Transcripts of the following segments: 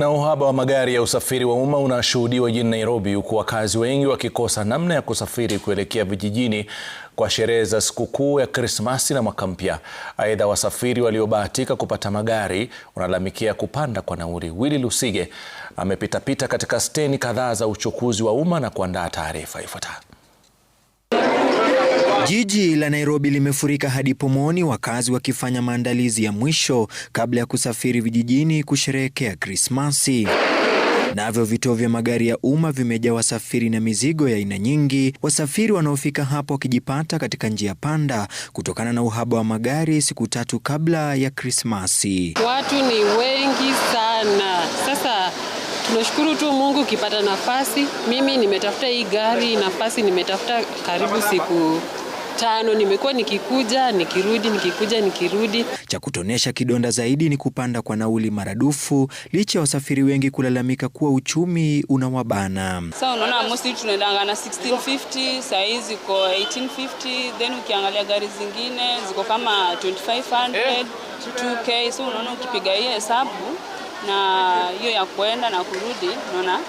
Na uhaba wa magari ya usafiri wa umma unashuhudiwa jijini Nairobi huku wakazi wengi wakikosa namna ya kusafiri kuelekea vijijini kwa sherehe za sikukuu ya Krismasi na mwaka mpya. Aidha, wasafiri waliobahatika kupata magari wanalalamikia kupanda kwa nauli. Willy Lusige amepitapita katika steni kadhaa za uchukuzi wa umma na kuandaa taarifa ifuatayo. Jiji la Nairobi limefurika hadi pomoni, wakazi wakifanya maandalizi ya mwisho kabla ya kusafiri vijijini kusherehekea Krismasi. Navyo vituo vya magari ya umma vimejaa wasafiri na mizigo ya aina nyingi, wasafiri wanaofika hapo wakijipata katika njia panda kutokana na uhaba wa magari siku tatu kabla ya Krismasi. Watu ni wengi sana. Sasa tunashukuru tu Mungu ukipata nafasi. Mimi nimetafuta hii gari nafasi, nimetafuta karibu siku tano. Nimekuwa nikikuja nikirudi, nikikuja nikirudi. Cha kutonesha kidonda zaidi ni kupanda kwa nauli maradufu, licha ya wasafiri wengi kulalamika kuwa uchumi unawabana. Sasa unaona, mosi tunaendanga na 1650 saa hizi ziko 1850, then ukiangalia gari zingine ziko kama 2500 2k. So unaona ukipiga hiyo hesabu na hiyo ya kuenda na kurudi, unaona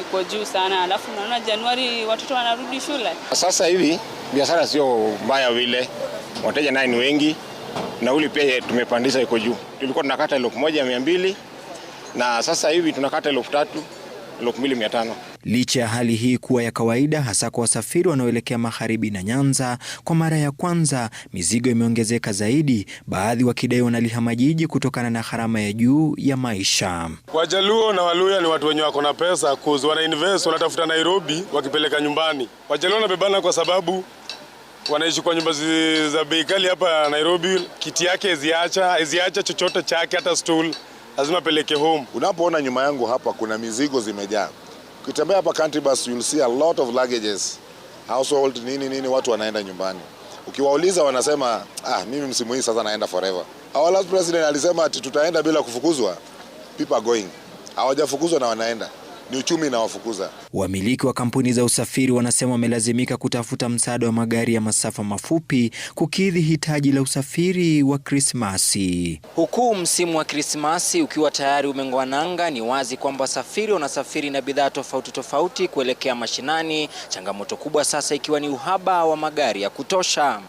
iko juu sana, alafu unaona Januari watoto wanarudi shule. Sasa hivi biashara sio mbaya vile, wateja naye ni wengi, nauli pia tumepandisha iko juu. Tulikuwa tunakata elfu moja mia mbili na sasa hivi tunakata elfu tatu elfu mbili mia tano. Licha ya hali hii kuwa ya kawaida, hasa kwa wasafiri wanaoelekea magharibi na Nyanza, kwa mara ya kwanza mizigo imeongezeka zaidi, baadhi wakidai wanalihama jiji kutokana na gharama ya juu ya maisha. Wajaluo na Waluya ni watu wenye wako na pesa kuzi, wanainvest wanatafuta Nairobi wakipeleka nyumbani. Wajaluo wanabebana kwa sababu wanaishi kwa nyumba za bei kali hapa Nairobi. Kiti yake ziacha ziacha chochote chake, hata stool lazima peleke home. Unapoona nyuma yangu hapa kuna mizigo zimejaa Ukitembea hapa country bus you'll see a lot of luggages, household nini nini, watu wanaenda nyumbani. Ukiwauliza wanasema ah, mimi msimu hii sasa naenda forever. Our last president alisema ati tutaenda bila kufukuzwa. People are going, hawajafukuzwa na wanaenda ni uchumi inawafukuza. Wamiliki wa kampuni za usafiri wanasema wamelazimika kutafuta msaada wa magari ya masafa mafupi kukidhi hitaji la usafiri wa Krismasi. Huku msimu wa Krismasi ukiwa tayari umeng'oa nanga, ni wazi kwamba wasafiri wanasafiri na bidhaa tofauti tofauti kuelekea mashinani, changamoto kubwa sasa ikiwa ni uhaba wa magari ya kutosha.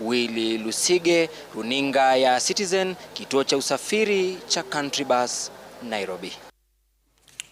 Willy Lusige, runinga ya Citizen, kituo cha usafiri cha Country Bus, Nairobi.